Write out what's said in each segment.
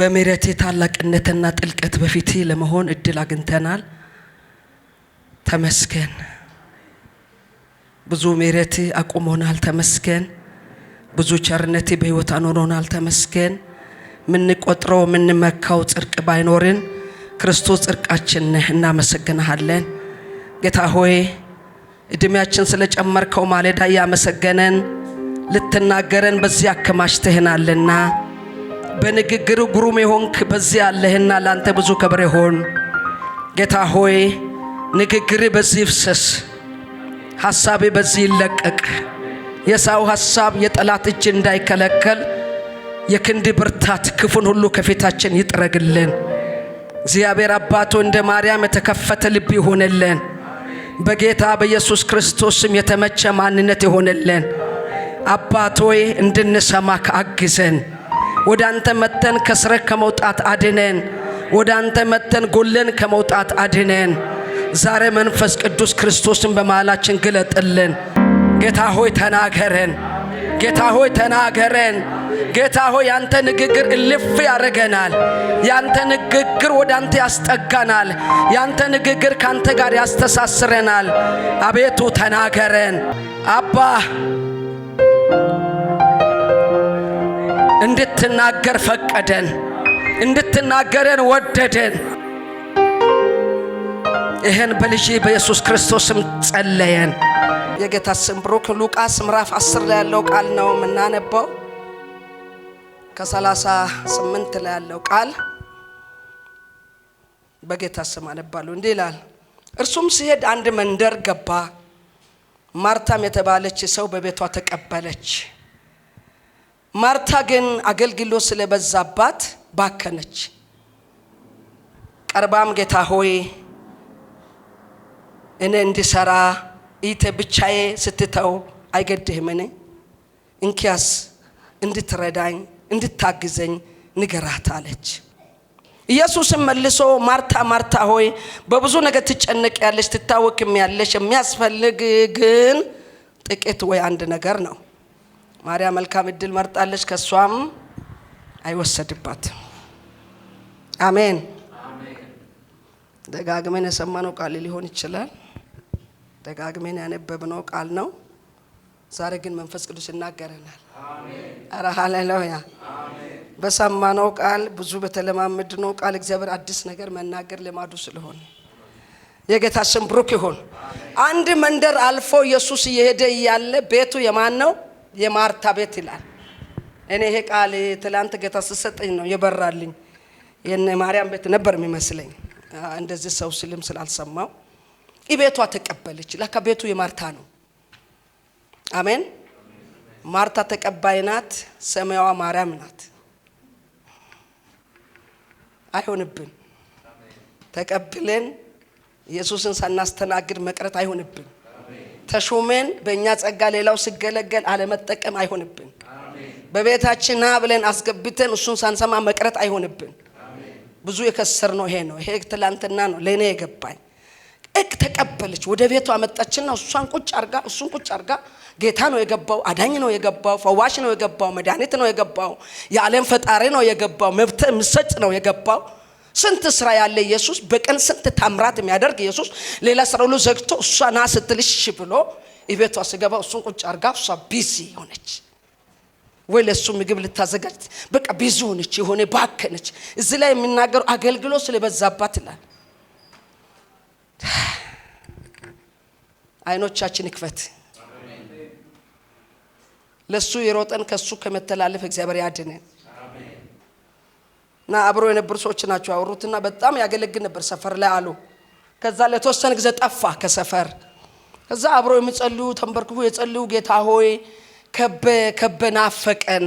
በምህረት ታላቅነትና ጥልቀት በፊት ለመሆን እድል አግኝተናል። ተመስገን። ብዙ ምህረት አቁሞናል። ተመስገን። ብዙ ቸርነት በህይወት አኖሮናል። ተመስገን። ምንቆጥረው የምንመካው ጽድቅ ባይኖርን ክርስቶስ ጽድቃችን ነህ። እናመሰግንሃለን ጌታ ሆይ እድሜያችን ስለጨመርከው ማለዳ እያመሰገነን ልትናገረን በዚህ አከማችተህናልና በንግግር ግሩም የሆንክ በዚህ ያለህና ላንተ ብዙ ክብር ይሆን። ጌታ ሆይ ንግግር በዚህ ይፍሰስ፣ ሐሳቤ በዚህ ይለቀቅ። የሰው ሐሳብ የጠላት እጅ እንዳይከለከል የክንድ ብርታት ክፉን ሁሉ ከፊታችን ይጥረግልን። እግዚአብሔር አባቶ እንደ ማርያም የተከፈተ ልብ ይሆንልን። በጌታ በኢየሱስ ክርስቶስም የተመቸ ማንነት ይሆንልን። አባቶይ እንድንሰማክ አግዘን። ወደ አንተ መተን ከስረ ከመውጣት አድነን። ወደ አንተ መተን ጎለን ከመውጣት አድነን። ዛሬ መንፈስ ቅዱስ ክርስቶስን በመሃላችን ግለጥልን። ጌታ ሆይ ተናገረን። ጌታ ሆይ ተናገረን። ጌታ ሆይ ያንተ ንግግር እልፍ ያደርገናል። ያንተ ንግግር ወደ አንተ ያስጠጋናል። ያንተ ንግግር ካንተ ጋር ያስተሳስረናል። አቤቱ ተናገረን አባ እንድትናገር ፈቀደን፣ እንድትናገረን ወደደን። ይህን በልጅ በኢየሱስ ክርስቶስም ጸለየን። የጌታ ስም ብሩክ። ሉቃስ ምዕራፍ 10 ላይ ያለው ቃል ነው የምናነበው። ከ38 ላይ ያለው ቃል በጌታ ስም አነባሉ። እንዲህ ይላል፣ እርሱም ሲሄድ አንድ መንደር ገባ። ማርታም የተባለች ሰው በቤቷ ተቀበለች። ማርታ ግን አገልግሎት ስለበዛባት ባከነች። ቀርባም ጌታ ሆይ እኔ እንዲሰራ ኢተ ብቻዬ ስትተው አይገድህምን? እንኪያስ እንድትረዳኝ እንድታግዘኝ ንገራት አለች። ኢየሱስም መልሶ ማርታ ማርታ ሆይ በብዙ ነገር ትጨነቅ ያለች ትታወክም ያለች የሚያስፈልግ ግን ጥቂት ወይ አንድ ነገር ነው ማርያም መልካም እድል መርጣለች፣ ከእሷም አይወሰድባትም። አሜን። ደጋግመን የሰማነው ቃል ሊሆን ይችላል፣ ደጋግመን ያነበብነው ቃል ነው። ዛሬ ግን መንፈስ ቅዱስ ይናገረናል። ኧረ ሃሌሉያ! በሰማነው ቃል ብዙ በተለማመድነው ቃል እግዚአብሔር አዲስ ነገር መናገር ልማዱ ስለሆነ የጌታ ስም ብሩክ ይሁን። አንድ መንደር አልፎ ኢየሱስ እየሄደ እያለ ቤቱ የማን ነው? የማርታ ቤት ይላል። እኔ ይሄ ቃል ትላንት ጌታ ስሰጠኝ ነው የበራልኝ። የነ ማርያም ቤት ነበር የሚመስለኝ እንደዚህ ሰው ስልም ስላልሰማው ቤቷ ተቀበለች። ለካ ቤቱ የማርታ ነው። አሜን። ማርታ ተቀባይ ናት፣ ሰማያዋ ማርያም ናት። አይሆንብን፣ ተቀብለን ኢየሱስን ሳናስተናግድ መቅረት አይሆንብን። ተሾመን በእኛ ጸጋ ሌላው ሲገለገል አለመጠቀም አይሆንብን። በቤታችን ና ብለን አስገብተን እሱን ሳንሰማ መቅረት አይሆንብን። ብዙ የከሰር ነው ይሄ ነው ይሄ ትላንትና ነው ለእኔ የገባኝ። እቅ ተቀበለች ወደ ቤቷ መጣችና እሷን ቁጭ አርጋ እሱን ቁጭ አርጋ ጌታ ነው የገባው፣ አዳኝ ነው የገባው፣ ፈዋሽ ነው የገባው፣ መድኃኒት ነው የገባው፣ የዓለም ፈጣሪ ነው የገባው፣ መብት ምሰጭ ነው የገባው ስንት ስራ ያለ ኢየሱስ በቀን ስንት ታምራት የሚያደርግ ኢየሱስ ሌላ ስራ ሁሉ ዘግቶ እሷ ና ስትልሽ ብሎ ቤቷ ስገባ እሱን ቁጭ አርጋ እሷ ቢዚ ሆነች ወይ ለእሱ ምግብ ልታዘጋጅ በቃ ቢዚ ሆነች፣ የሆነ ባከነች። እዚህ ላይ የሚናገሩ አገልግሎት ስለበዛባት ይላል። አይኖቻችን ክፈት። ለእሱ የሮጠን ከእሱ ከመተላለፍ እግዚአብሔር ያድነን። እና አብሮ የነበሩ ሰዎች ናቸው ያወሩትና በጣም ያገለግል ነበር ሰፈር ላይ አሉ። ከዛ ለተወሰነ ጊዜ ጠፋ ከሰፈር። ከዛ አብሮ የሚጸልዩ ተንበርክኩ የጸልዩ ጌታ ሆይ ከበ ከበ ናፈቀን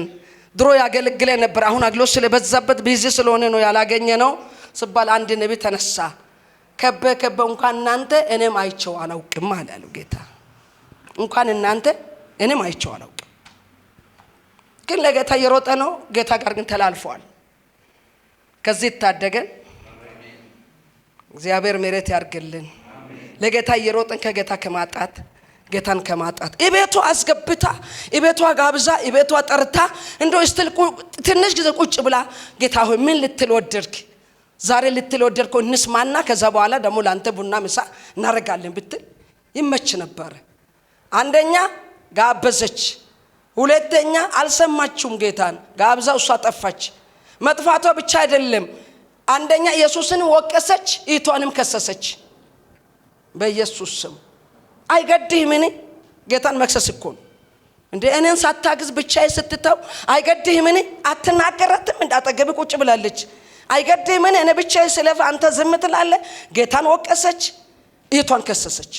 ድሮ ያገለግለ ነበር። አሁን አግሎ ስለበዛበት ቢዚ ስለሆነ ነው ያላገኘ ነው ስባል አንድ ነቢ ተነሳ። ከበ ከበ እንኳን እናንተ እኔም አይቸው አላውቅም አለ ያለው ጌታ። እንኳን እናንተ እኔም አይቸው አላውቅም፣ ግን ለጌታ እየሮጠ ነው። ጌታ ጋር ግን ተላልፈዋል። ከዚህ ይታደገን እግዚአብሔር ምሕረት ያርግልን። ለጌታ እየሮጥን ከጌታ ከማጣት ጌታን ከማጣት እቤቷ አስገብታ እቤቷ ጋብዛ እቤቷ ጠርታ እንደው ስትል ትንሽ ጊዜ ቁጭ ብላ ጌታ ሆይ ምን ልትል ወደድክ? ዛሬ ልትል ወደድክ? እንስማና ከዛ በኋላ ደግሞ ለአንተ ቡና ምሳ እናደርጋለን ብትል ይመች ነበር አንደኛ ጋበዘች፣ ሁለተኛ አልሰማችሁም ጌታን ጋብዛ እሷ ጠፋች። መጥፋቷ ብቻ አይደለም። አንደኛ ኢየሱስን ወቀሰች፣ እህቷንም ከሰሰች። በኢየሱስ ስም አይገድህምን? ጌታን መክሰስ እኮ ነው እንዴ? እኔን ሳታግዝ ብቻዬ ስትተው አይገድህምን? አትናገራትም? እንዳጠገብ ቁጭ ብላለች። አይገድህምን? እኔ ብቻዬ ስለፍ አንተ ዝም ትላለህ። ጌታን ወቀሰች፣ እህቷን ከሰሰች።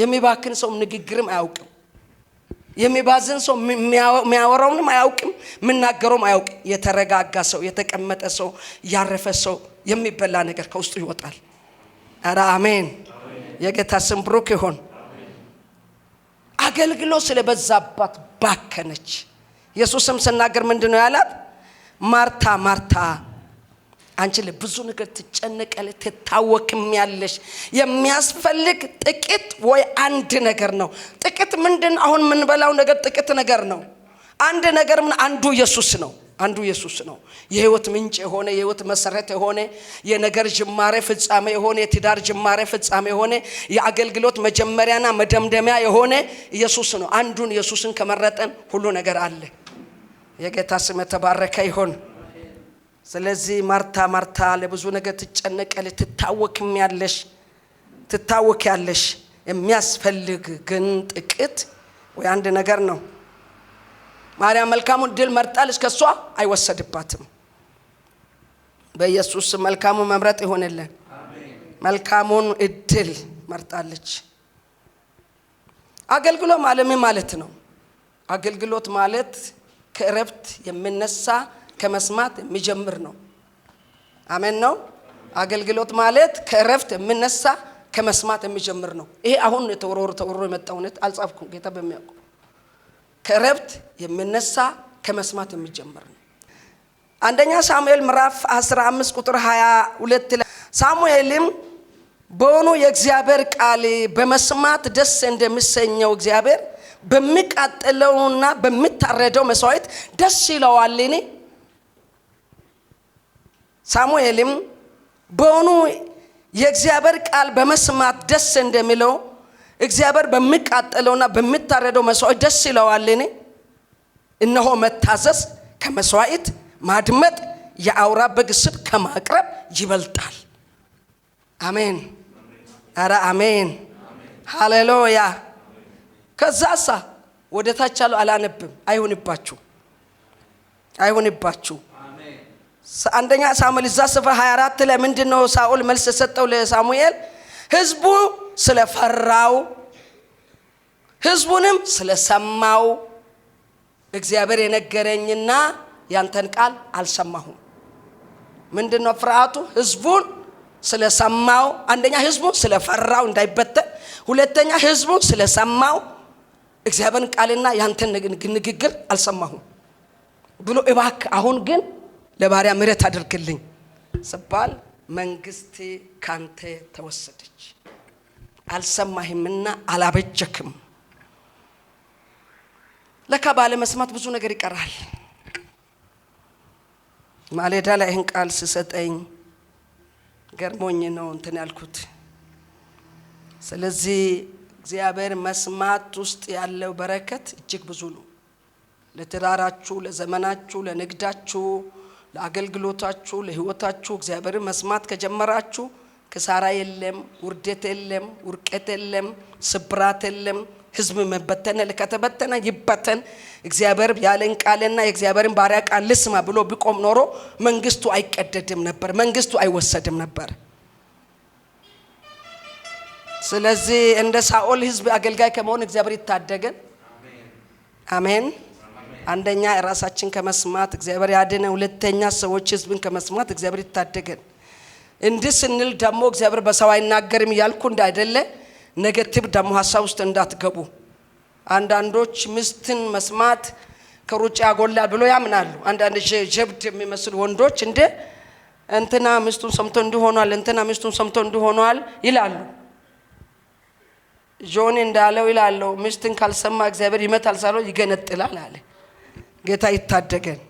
የሚባክን ሰውም ንግግርም አያውቅም። የሚባዝን ሰው የሚያወራውንም አያውቅም፣ የምናገረውም አያውቅ የተረጋጋ ሰው፣ የተቀመጠ ሰው፣ ያረፈ ሰው የሚበላ ነገር ከውስጡ ይወጣል። ኧረ አሜን! የጌታ ስም ብሩክ ይሆን። አገልግሎት ስለበዛባት ባከነች። ኢየሱስም ስናገር ምንድን ነው ያላት? ማርታ ማርታ አንቺ ለብዙ ነገር ትጨነቀለ ትታወክም ያለሽ የሚያስፈልግ ጥቂት ወይ አንድ ነገር ነው። ጥቂት ምንድን አሁን የምንበላው ነገር ጥቂት ነገር ነው። አንድ ነገር ምን አንዱ ኢየሱስ ነው። አንዱ ኢየሱስ ነው። የህይወት ምንጭ የሆነ የህይወት መሰረት የሆነ የነገር ጅማሬ ፍጻሜ የሆነ የትዳር ጅማሬ ፍጻሜ የሆነ የአገልግሎት መጀመሪያና መደምደሚያ የሆነ ኢየሱስ ነው። አንዱን ኢየሱስን ከመረጠን ሁሉ ነገር አለ። የጌታ ስም የተባረከ ይሆን። ስለዚህ ማርታ ማርታ ለብዙ ነገር ትጨነቀልሽ፣ ትታወክም ያለሽ ትታወክ ያለሽ የሚያስፈልግ ግን ጥቂት ወይ አንድ ነገር ነው። ማርያም መልካሙን ድል መርጣለች፣ ከእሷ አይወሰድባትም። በኢየሱስ መልካሙ መምረጥ ይሆንልን። መልካሙን እድል መርጣለች። አገልግሎት ማለት ምን ማለት ነው? አገልግሎት ማለት ከእረፍት የምነሳ ከመስማት የሚጀምር ነው። አሜን ነው። አገልግሎት ማለት ከእረፍት የምነሳ ከመስማት የሚጀምር ነው። ይሄ አሁን ተወርወር ተወርሮ የመጣ እውነት አልጻፍኩም። ጌታ በሚያውቁ ከእረፍት የምነሳ ከመስማት የሚጀምር ነው። አንደኛ ሳሙኤል ምዕራፍ 15 ቁጥር 22 ሳሙኤልም በሆኑ የእግዚአብሔር ቃል በመስማት ደስ እንደሚሰኘው እግዚአብሔር በሚቃጠለውና በሚታረደው መስዋዕት ደስ ይለዋልን ሳሙኤልም በውኑ የእግዚአብሔር ቃል በመስማት ደስ እንደሚለው እግዚአብሔር በሚቃጠለውና በሚታረደው መስዋዕት ደስ ይለዋልን? እነሆ መታዘዝ ከመስዋዕት ማድመጥ የአውራ በግ ስብ ከማቅረብ ይበልጣል። አሜን፣ አረ አሜን፣ ሃሌሉያ። ከዛሳ ወደ ታች አላነብም። አይሁንባችሁ፣ አይሁንባችሁ አንደኛ ሳሙኤል እዛ ስፍራ 24 ላይ ምንድን ነው ሳኦል መልስ የሰጠው ለሳሙኤል? ህዝቡ ስለፈራው ህዝቡንም ስለሰማው እግዚአብሔር የነገረኝና ያንተን ቃል አልሰማሁም። ምንድን ነው ፍርሃቱ? ህዝቡን ስለሰማው። አንደኛ ህዝቡን ስለፈራው እንዳይበተን፣ ሁለተኛ ህዝቡን ስለሰማው እግዚአብሔርን ቃልና ያንተን ንግግር አልሰማሁም ብሎ እባክ አሁን ግን ለባሪያ ምሕረት አድርግልኝ ስባል መንግስቴ ካንተ ተወሰደች፣ አልሰማህምና አላበጀክም። ለካ ባለመስማት ብዙ ነገር ይቀራል። ማለዳ ላይ ይህን ቃል ስሰጠኝ ገርሞኝ ነው እንትን ያልኩት። ስለዚህ እግዚአብሔር መስማት ውስጥ ያለው በረከት እጅግ ብዙ ነው። ለትዳራችሁ፣ ለዘመናችሁ፣ ለንግዳችሁ ለአገልግሎታችሁ፣ ለህይወታችሁ እግዚአብሔርን መስማት ከጀመራችሁ ክሳራ የለም፣ ውርደት የለም፣ ውርቀት የለም፣ ስብራት የለም። ህዝብ መበተነ ከተበተነ ይበተን። እግዚአብሔር ያለን ቃልና የእግዚአብሔርን ባሪያ ቃል ልስማ ብሎ ቢቆም ኖሮ መንግስቱ አይቀደድም ነበር፣ መንግስቱ አይወሰድም ነበር። ስለዚህ እንደ ሳኦል ህዝብ አገልጋይ ከመሆን እግዚአብሔር ይታደገን። አሜን። አንደኛ ራሳችን ከመስማት እግዚአብሔር ያድነ፣ ሁለተኛ ሰዎች ህዝብን ከመስማት እግዚአብሔር ይታደገን። እንዲህ ስንል ደግሞ እግዚአብሔር በሰው አይናገርም እያልኩ እንዳይደለ ኔጌቲቭ ደግሞ ሀሳብ ውስጥ እንዳትገቡ። አንዳንዶች ሚስትን መስማት ከሩጫ ያጎላል ብሎ ያምናሉ። አንዳንድ ጀብድ የሚመስሉ ወንዶች እንደ እንትና ሚስቱን ሰምቶ እንዲሆኗል እንትና ሚስቱን ሰምቶ እንዲሆኗል ይላሉ። ጆን እንዳለው ይላለው ሚስትን ካልሰማ እግዚአብሔር ይመታል ሳይሆን ይገነጥላል አለ። ጌታ ይታደገን።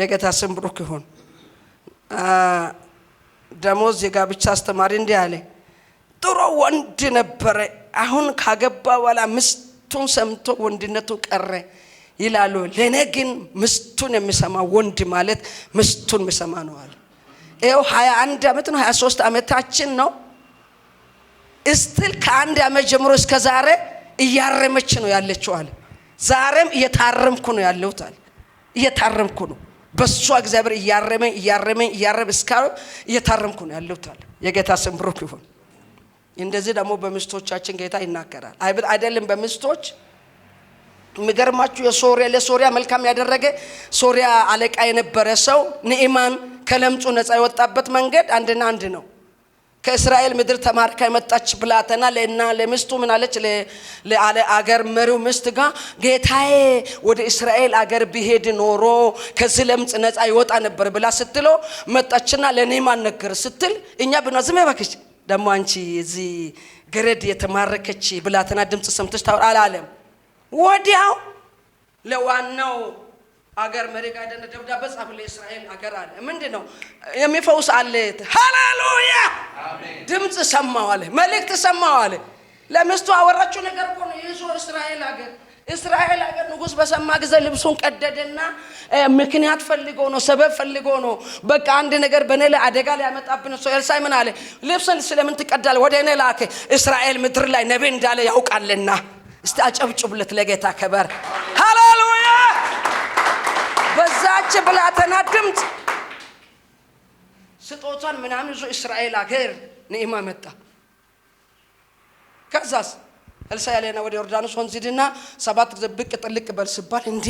የጌታ ስም ብሩክ ይሁን። ደሞዝ የጋብቻ አስተማሪ እንዲህ አለ። ጥሩ ወንድ ነበረ፣ አሁን ካገባ በኋላ ምስቱን ሰምቶ ወንድነቱ ቀረ ይላሉ። ለእኔ ግን ምስቱን የሚሰማ ወንድ ማለት ምስቱን የሚሰማ ነው አለ። ይኸው ሀያ አንድ ዓመት ነው፣ ሀያ ሶስት ዓመታችን ነው። እስትል ከአንድ ዓመት ጀምሮ እስከ ዛሬ እያረመች ነው ያለችው አለ ዛሬም እየታረምኩ ነው ያለሁታል። እየታረምኩ ነው በሷ እግዚአብሔር እያረመኝ እያረመኝ እያረም እስካ እየታረምኩ ነው ያለሁታል። የጌታ ስም ብሩክ ይሁን። እንደዚህ ደግሞ በምስቶቻችን ጌታ ይናገራል አይደለም በሚስቶች የሚገርማችሁ የሶሪያ ለሶሪያ መልካም ያደረገ ሶሪያ አለቃ የነበረ ሰው ንዕማን ከለምጹ ነፃ የወጣበት መንገድ አንድና አንድ ነው። ከእስራኤል ምድር ተማርካ የመጣች ብላተና ለና ለምስቱ ምን አለች? ለአለ አገር መሪው ምስት ጋር ጌታዬ ወደ እስራኤል አገር ቢሄድ ኖሮ ከዚህ ለምጽ ነፃ ይወጣ ነበር ብላ ስትሎ መጣችና ለእኔ ማነገር ስትል እኛ ብና ዝም ባክች ደግሞ አንቺ እዚህ ገረድ የተማረከች ብላተና ድምፅ ሰምተች ታወራ አላለም። ወዲያው ለዋናው አገር መሪ ጋር ደነ ደብዳቤ ጻፍ ለእስራኤል አገር አለ። ምንድን ነው የሚፈውስ አለ። ሃሌሉያ ድምፅ ሰማው አለ። መልእክት ሰማው አለ። ለምስቱ አወራችው ነገር እኮ ነው ይዞ እስራኤል አገር እስራኤል ሀገር ንጉሥ በሰማ ጊዜ ልብሱን ቀደደና ምክንያት ፈልጎ ነው፣ ሰበብ ፈልጎ ነው። በቃ አንድ ነገር በእኔ ላይ አደጋ ሊያመጣብን ሰው ኤልሳዕ ምን አለ? ልብስን ስለምን ትቀዳለህ? ወደ እኔ ላክ፣ እስራኤል ምድር ላይ ነቢ እንዳለ ያውቃልና። እስቲ አጨብጭብለት ለጌታ ከበር ብላቴና ድምፅ ስጦቷን ምናምን ይዞ እስራኤል አገር ንዕማ መጣ። ከዛስ ኤልሳዕ ያለና ወደ ዮርዳኖስ ወንዝ ሂድና ሰባት ጊዜ ብቅ ጥልቅ በል ሲባል እንዴ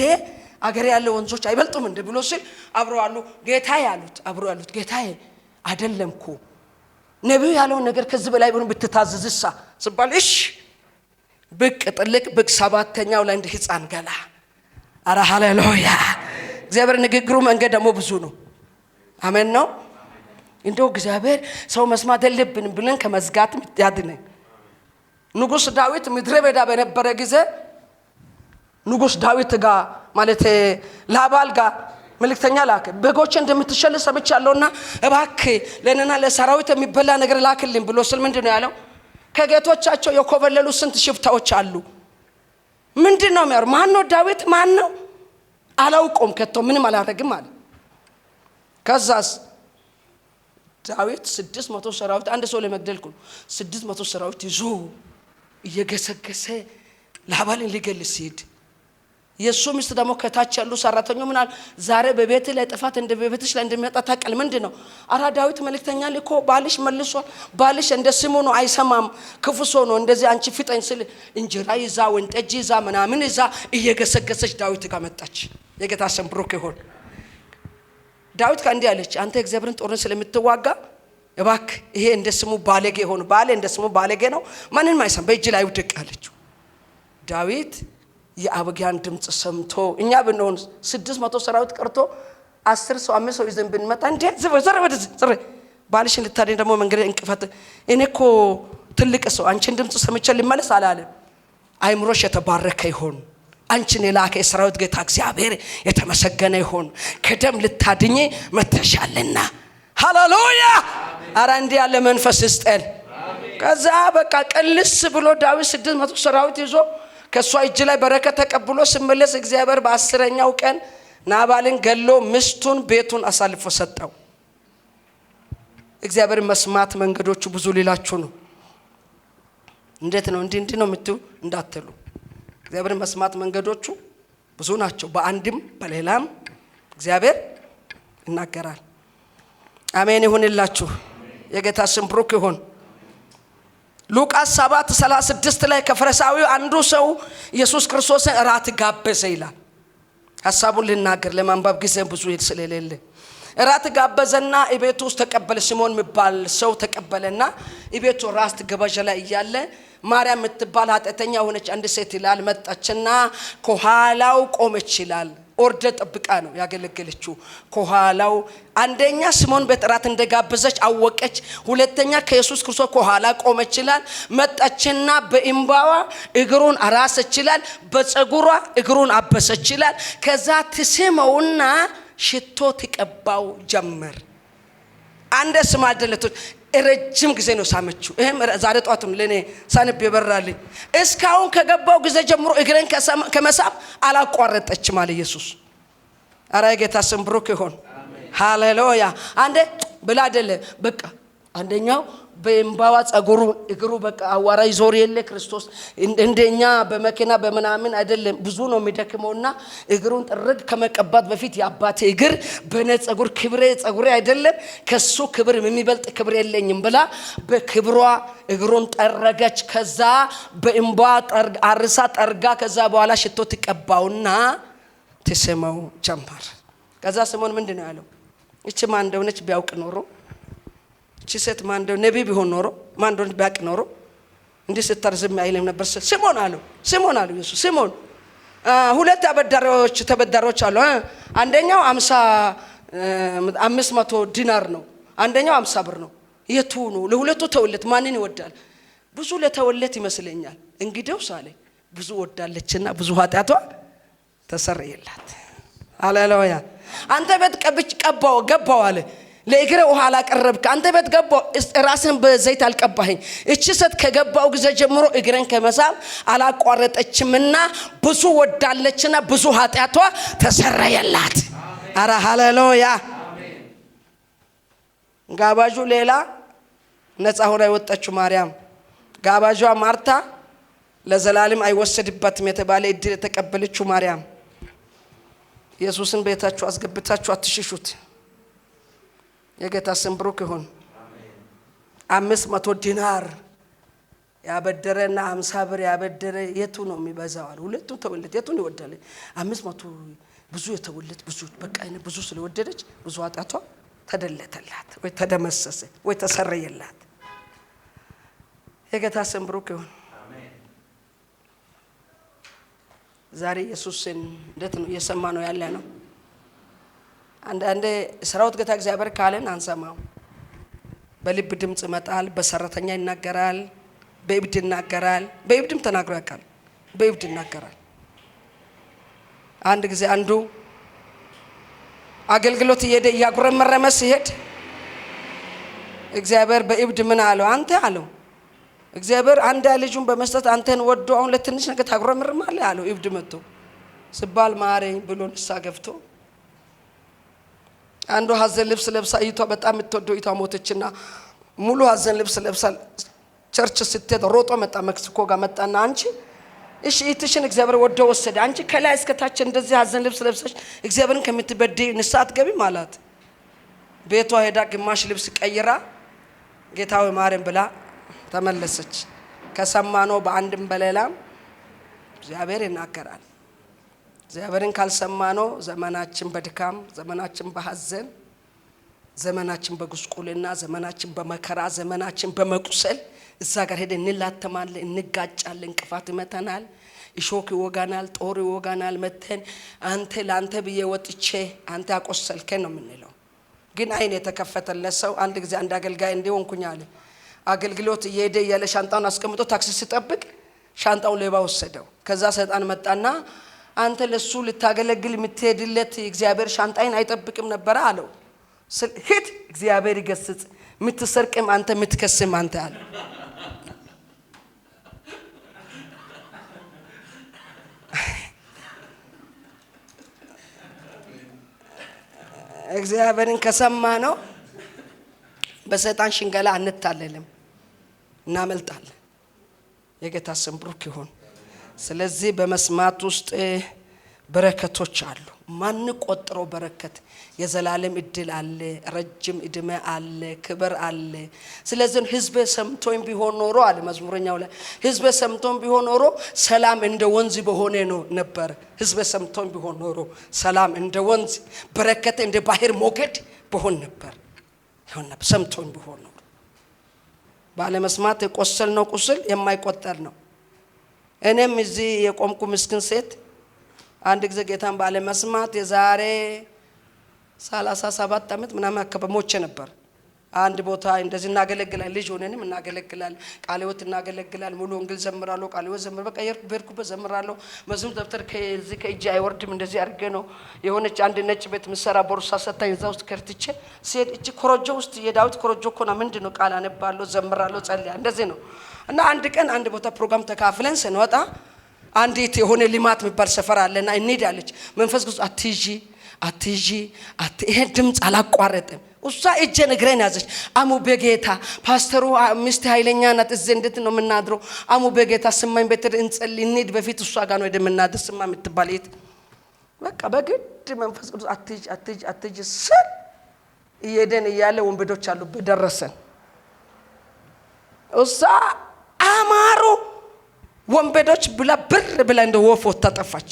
አገር ያለ ወንዞች አይበልጡም እንደ ብሎ ሲል አብሮ አሉ ጌታዬ አሉት። አብሮ ያሉት ጌታዬ አይደለምኩ ነቢዩ ያለውን ነገር ከዚህ በላይ ሆኑ ብትታዘዝሳ ሲባል እሽ ብቅ ጥልቅ ብቅ ሰባተኛው ላይ እንደ ሕፃን ገላ አረ ሃሌሉያ እግዚአብሔር ንግግሩ መንገድ ደግሞ ብዙ ነው። አሜን ነው። እንደው እግዚአብሔር ሰው መስማት የለብንም ብለን ከመዝጋት ያድነ። ንጉሥ ዳዊት ምድረ በዳ በነበረ ጊዜ ንጉሥ ዳዊት ጋር ማለት ላባል ጋር መልእክተኛ ላክ በጎች እንደምትሸል ሰምቻለሁና እባክ ለእኔና ለሰራዊት የሚበላ ነገር ላክልኝ ብሎ ስል ምንድን ነው ያለው? ከጌቶቻቸው የኮበለሉ ስንት ሽፍታዎች አሉ። ምንድን ነው የሚያሩ? ማን ነው ዳዊት? ማን ነው አላውቆም ከቶ ምንም አላደረግም አለ። ከዛስ ዳዊት ስድስት መቶ ሰራዊት አንድ ሰው ለመግደል እኮ ስድስት መቶ ሰራዊት ይዞ እየገሰገሰ ላባልን ሊገል ሲሄድ የእሱ ሚስት ደግሞ ከታች ያሉ ሰራተኞ ምናል ዛሬ በቤት ላይ ጥፋት እንደ በቤትሽ ላይ እንደሚመጣ ታቀል ምንድን ነው አራ ዳዊት መልክተኛ ልኮ ባልሽ መልሷል። ባልሽ እንደ ስሙ ነው፣ አይሰማም፣ ክፉ ሰው ነው። እንደዚህ አንቺ ፍጠኝ ስል እንጀራ ይዛ ወንጠጅ ይዛ ምናምን ይዛ እየገሰገሰች ዳዊት ጋር መጣች። የጌታ ስም ብሩክ ይሁን። ዳዊት ከእንዲህ አለች፣ አንተ እግዚአብሔርን ጦርን ስለምትዋጋ እባክ ይሄ እንደ ስሙ ባለጌ ሆኑ ባሌ እንደ ስሙ ባለጌ ነው፣ ማንንም አይሰማም፣ በእጅ ላይ ውድቅ አለችው። ዳዊት የአብጊያን ድምፅ ሰምቶ እኛ ብንሆን ስድስት መቶ ሰራዊት ቀርቶ አስር ሰው አምስት ሰው ይዘን ብንመጣ እንዴት ዝር ዝር ባልሽን ልታደኝ ደግሞ መንገድ እንቅፈት እኔ እኮ ትልቅ ሰው አንቺን ድምፅ ሰምቼ ልመለስ አላለም። አይምሮሽ የተባረከ ይሆን። አንቺን የላከ የሰራዊት ጌታ እግዚአብሔር የተመሰገነ ይሁን። ከደም ልታድኝ መተሻለና። ሃሌሉያ! አረ እንዲህ ያለ መንፈስ ስጠን። ከዛ በቃ ቅልስ ብሎ ዳዊት ስድስት መቶ ሰራዊት ይዞ ከእሷ እጅ ላይ በረከት ተቀብሎ ስመለስ እግዚአብሔር በአስረኛው ቀን ናባልን ገሎ ምስቱን ቤቱን አሳልፎ ሰጠው። እግዚአብሔር መስማት መንገዶቹ ብዙ ሌላችሁ ነው። እንዴት ነው እንዲህ እንዲህ ነው የምትሉ እንዳትሉ እግዚአብሔር መስማት መንገዶቹ ብዙ ናቸው። በአንድም በሌላም እግዚአብሔር ይናገራል። አሜን ይሁንላችሁ። የጌታ ስም ብሩክ ይሁን። ሉቃስ 7 36 ላይ ከፈሪሳዊው አንዱ ሰው ኢየሱስ ክርስቶስን እራት ጋበዘ ይላል። ሀሳቡን ልናገር ለማንባብ ጊዜ ብዙ ስለሌለ እራት ጋበዘና እቤቱ ውስጥ ተቀበለ። ሲሞን የሚባል ሰው ተቀበለና እቤቱ ራስ ገበዥ ላይ እያለ ማርያም የምትባል ኃጢአተኛ የሆነች አንድ ሴት ይላል መጣችና ከኋላው ቆመች ይላል። ኦርደ ጠብቃ ነው ያገለገለችው። ከኋላው አንደኛ ሲሞን ቤት እራት እንደጋበዘች አወቀች። ሁለተኛ ከኢየሱስ ክርስቶስ ከኋላ ቆመች ይላል። መጣችና በእምባዋ እግሩን አራሰች ይላል። በፀጉሯ እግሩን አበሰች ይላል። ከዛ ትስመውና ሽቶ ትቀባው ጀመር። አንድ ስማ አደለቶች ረጅም ጊዜ ነው ሳመችው። ይህም ዛሬ ጧትም ለእኔ ሳንብ ይበራልኝ። እስካሁን ከገባው ጊዜ ጀምሮ እግረን ከመሳብ አላቋረጠችም አለ ኢየሱስ። አራ የጌታ ስም ብሩክ ይሆን። ሃሌሉያ። አንዴ ብላ አደለ በቃ አንደኛው በእምባዋ ጸጉሩ እግሩ በቃ አዋራ ዞር የለ ክርስቶስ እንደኛ በመኪና በምናምን አይደለም። ብዙ ነው የሚደክመውና እግሩን ጥርግ ከመቀባት በፊት የአባቴ እግር በነ ጸጉር ክብሬ ጸጉሬ አይደለም ከሱ ክብር የሚበልጥ ክብር የለኝም ብላ በክብሯ እግሩን ጠረገች። ከዛ በእምባ አርሳ ጠርጋ ከዛ በኋላ ሽቶ ትቀባውና ትስመው ጀመር። ከዛ ስሞን ምንድን ነው ያለው? ይችማ እንደሆነች ቢያውቅ ኖሮ እቺ ሴት ማን እንደው ነቢ ቢሆን ኖሮ ማን እንደሆነ ቢያውቅ ኖሮ እንዲህ ስተርዝም አይልም ነበር። ስምዖን አለው ስምዖን አለው ኢየሱስ ስምዖን ሁለት አበዳሪዎች ተበዳሪዎች አሉ። አንደኛው አምሳ አምስት መቶ ዲናር ነው። አንደኛው አምሳ ብር ነው። የቱ ነው? ለሁለቱ ተወለት ማንን ይወዳል? ብዙ ለተወለት ይመስለኛል። እንግዲያውስ አለ ብዙ ወዳለችና ብዙ ኃጢአቷ ተሰረየላት። አሌሉያ። አንተ ቤት ቀብች ቀባው ገባው አለ ለእግረ ውሃ አላቀረብክ። አንተ ቤት ገባው ራስን በዘይት አልቀባኸኝ። እቺ ሴት ከገባው ጊዜ ጀምሮ እግረን ከመሳብ አላቋረጠችምና ብዙ ወዳለችና ብዙ ኃጢአቷ ተሰረየላት። አረ ሃሌሉያ! ጋባዡ ሌላ ነፃ ሆና የወጣችው ማርያም፣ ጋባዧ ማርታ ለዘላለም አይወሰድባትም የተባለ እድል የተቀበለችው ማርያም። ኢየሱስን ቤታችሁ አስገብታችሁ አትሽሹት። የጌታ ስም ብሩክ ይሁን። አምስት መቶ ዲናር ያበደረ ያበደረና አምሳ ብር ያበደረ የቱ ነው የሚበዛዋል? ሁለቱ ተወለድ የቱን ይወደለ? አምስት መቶ ብዙ የተወለድ ብዙ በቃ ብዙ ስለወደደች ብዙ አጣቷ ተደለተላት ወይ ተደመሰሰ ወይ ተሰረየላት። የጌታ ስም ብሩክ ይሁን። ዛሬ ኢየሱስን እንዴት ነው እየሰማ ነው ያለ ነው አንዳንዴ ስራውት ጌታ እግዚአብሔር ካለን አንሰማው። በልብ ድምፅ ይመጣል። በሰራተኛ ይናገራል። በእብድ ይናገራል። በእብድም ተናግሮ ያውቃል። በእብድ ይናገራል። አንድ ጊዜ አንዱ አገልግሎት እየሄደ እያጉረመረመ ሲሄድ እግዚአብሔር በእብድ ምን አለው? አንተ አለው እግዚአብሔር አንድ ልጁን በመስጠት አንተን ወዶ አሁን ለትንሽ ነገር ታጉረመርማለህ አለው። እብድ መጥቶ ስባል ማረኝ ብሎ ንሳ ገብቶ አንዱ ሀዘን ልብስ ለብሳ እይቷ በጣም የምትወደው እይቷ ሞተችና ሙሉ ሀዘን ልብስ ለብሳ ቸርች ስትሄድ ሮጦ መጣ። መክሲኮ ጋር መጣና አንቺ እሺ እህትሽን እግዚአብሔር ወደ ወሰደ፣ አንቺ ከላይ እስከታች እንደዚህ ሀዘን ልብስ ለብሰሽ እግዚአብሔርን ከምትበድ ንስሐ አትገቢም አላት። ቤቷ ሄዳ ግማሽ ልብስ ቀይራ ጌታዊ ማርያም ብላ ተመለሰች። ነው በአንድም በሌላም እግዚአብሔር ይናገራል። እግዚአብሔርን ካልሰማ ነው ዘመናችን በድካም ዘመናችን በሐዘን ዘመናችን በጉስቁልና ዘመናችን በመከራ ዘመናችን በመቁሰል እዛ ጋር ሄደ እንላተማለን፣ እንጋጫለን፣ እንቅፋት ይመተናል፣ እሾክ ይወጋናል፣ ጦር ይወጋናል። መተን አንተ ለአንተ ብዬ ወጥቼ አንተ ያቆሰልከን ነው የምንለው። ግን አይን የተከፈተለት ሰው አንድ ጊዜ አንድ አገልጋይ እንዲሆንኩኝ አለ አገልግሎት እየሄደ እያለ ሻንጣውን አስቀምጦ ታክሲ ሲጠብቅ ሻንጣውን ሌባ ወሰደው። ከዛ ሰይጣን መጣና አንተ ለሱ ልታገለግል የምትሄድለት እግዚአብሔር ሻንጣይን አይጠብቅም ነበረ አለው። ሂድ እግዚአብሔር ይገስጽ፣ የምትሰርቅም አንተ የምትከስም አንተ አለ። እግዚአብሔርን ከሰማ ነው። በሰይጣን ሽንገላ አንታለልም፣ እናመልጣለን። የጌታ ስም ብሩክ ይሁን። ስለዚህ በመስማት ውስጥ በረከቶች አሉ። ማን ቆጥረው በረከት የዘላለም እድል አለ፣ ረጅም እድሜ አለ፣ ክብር አለ። ስለዚህ ህዝበ ሰምቶኝ ቢሆን ኖሮ አለ መዝሙረኛው ላይ ህዝበ ሰምቶኝ ቢሆን ኖሮ ሰላም እንደ ወንዝ በሆነ ነው ነበር። ህዝበ ሰምቶኝ ቢሆን ኖሮ ሰላም እንደ ወንዝ፣ በረከት እንደ ባህር ሞገድ በሆን ነበር። ነበር። ሰምቶኝ ቢሆን ኖሮ ባለመስማት ነው ቁስል የማይቆጠር ነው። እኔም እዚህ የቆምኩ ምስኪን ሴት አንድ ጊዜ ጌታን ባለመስማት የዛሬ 37 ዓመት ምናምን አካባቢ ሞቼ ነበር። አንድ ቦታ እንደዚህ እናገለግላል፣ ልጅ ሆነንም እናገለግላል፣ ቃለ እናገለግላል። ሙሉ ወንጌል ዘምራለሁ፣ ቃለ ዘምር በቃ የርኩ በርኩበት ዘምራለሁ። መዝሙር ደብተር ከዚህ ከእጅ አይወርድም። እንደዚህ አድርጌ ነው የሆነች አንድ ነጭ ቤት ምሰራ ቦርሳ ሰታኝ እዛ ውስጥ ከርትቼ ሴት እቺ ኮረጆ ውስጥ የዳዊት ኮረጆ እኮ ነው ምንድን ነው ቃል አነባለሁ፣ ዘምራለሁ፣ ጸልያ እንደዚህ ነው እና አንድ ቀን አንድ ቦታ ፕሮግራም ተካፍለን ስንወጣ አንዲት የሆነ ልማት የሚባል ሰፈር አለና እንሄዳለች። መንፈስ ቅዱስ አትይዢ አትይዢ ይሄ ድምፅ አላቋረጥም። እሷ እጄን ንግረን ያዘች። አሙ በጌታ ፓስተሩ ሚስት ኃይለኛ ናት። እዚህ እንዴት ነው የምናድረው? አሙ በጌታ ስማኝ፣ በትር እንጸል እንሂድ። በፊት እሷ ጋር ነው የምናድር። ስማ የምትባል የት በቃ በግድ መንፈስ ቅዱስ አትይዥ አትይዥ አትይዥ ስል እየሄደን እያለ ወንበዶች አሉ በደረሰን እሷ ወንበዶች ብላ ብር ብላ እንደ ወፍ ወጥታ ጠፋች።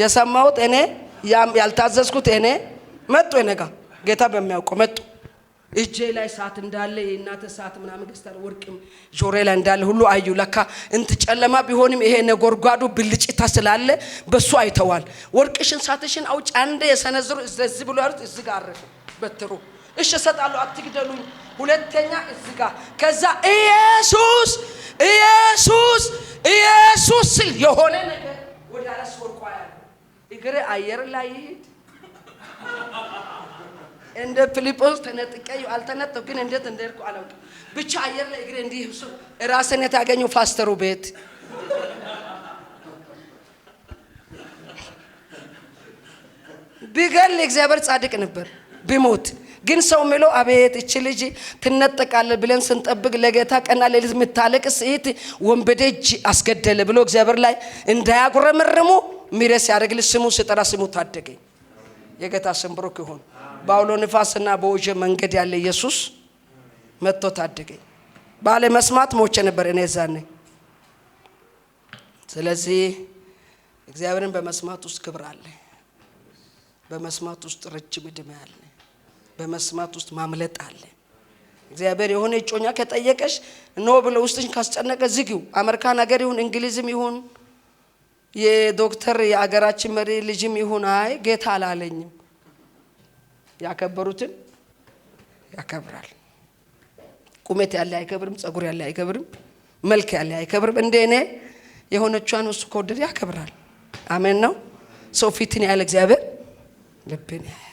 የሰማሁት እኔ ያልታዘዝኩት እኔ መጡ። እኔ ጌታ በሚያውቀው መጡ። እጄ ላይ ሰዓት እንዳለ የእናተ ሰዓት ምናምን ገዝታ ወርቅም ጆሬ ላይ እንዳለ ሁሉ አዩ። ለካ እንት ጨለማ ቢሆንም ይሄ ነጎርጓዱ ብልጭታ ስላለ በሱ አይተዋል። ወርቅሽን ሰዓትሽን አውጭ አንድ የሰነዝሩ እዚህ ብሎ ያሉት እዚህ ጋር አረፈ በትሩ እሽ እሰጣለሁ፣ አትግደሉኝ። ሁለተኛ እዚህ ጋር ከዛ ኢየሱስ ኢየሱስ ኢየሱስ ሲል የሆነ ነገር ወደ አላስ ወርቋ ያለ እግሬ አየር ላይ ይሄድ እንደ ፊልጶስ ተነጥቀ አልተነጠው ግን እንዴት እንደሄድኩ አላውቅም። ብቻ አየር ላይ እግሬ እንዲህ ራስን የታገኘው ፓስተሩ ቤት ቢገል እግዚአብሔር ጻድቅ ነበር ቢሞት ግን ሰው የሚለው አቤት እች ልጅ ትነጠቃለ ብለን ስንጠብቅ ለጌታ ቀና ሌሊት የምታለቅ ስት ወንበዴ እጅ አስገደለ ብሎ እግዚአብሔር ላይ እንዳያጉረመርሙ ሚረስ ሲያደርግልህ ስሙ ስጠራ ስሙ ታደገኝ። የጌታ ስም ብሩክ ይሁን። በአውሎ ንፋስና በውዤ መንገድ ያለ ኢየሱስ መጥቶ ታደገኝ። ባለ መስማት ሞቼ ነበር እኔ ዛኔ። ስለዚህ እግዚአብሔርን በመስማት ውስጥ ክብር አለ። በመስማት ውስጥ ረጅም ዕድሜ አለ። በመስማት ውስጥ ማምለጥ አለ። እግዚአብሔር የሆነ እጮኛ ከጠየቀሽ ኖ ብለ ውስጥሽ ካስጨነቀ ዝግው። አሜሪካን ሀገር ይሁን እንግሊዝም ይሁን የዶክተር የአገራችን መሪ ልጅም ይሁን አይ ጌታ አላለኝም። ያከበሩትን ያከብራል። ቁመት ያለ አይከብርም፣ ጸጉር ያለ አይከብርም፣ መልክ ያለ አይከብርም። እንደ እኔ የሆነቿን እሱ ከወደደ ያከብራል። አሜን ነው። ሰው ፊትን ያለ እግዚአብሔር ልብን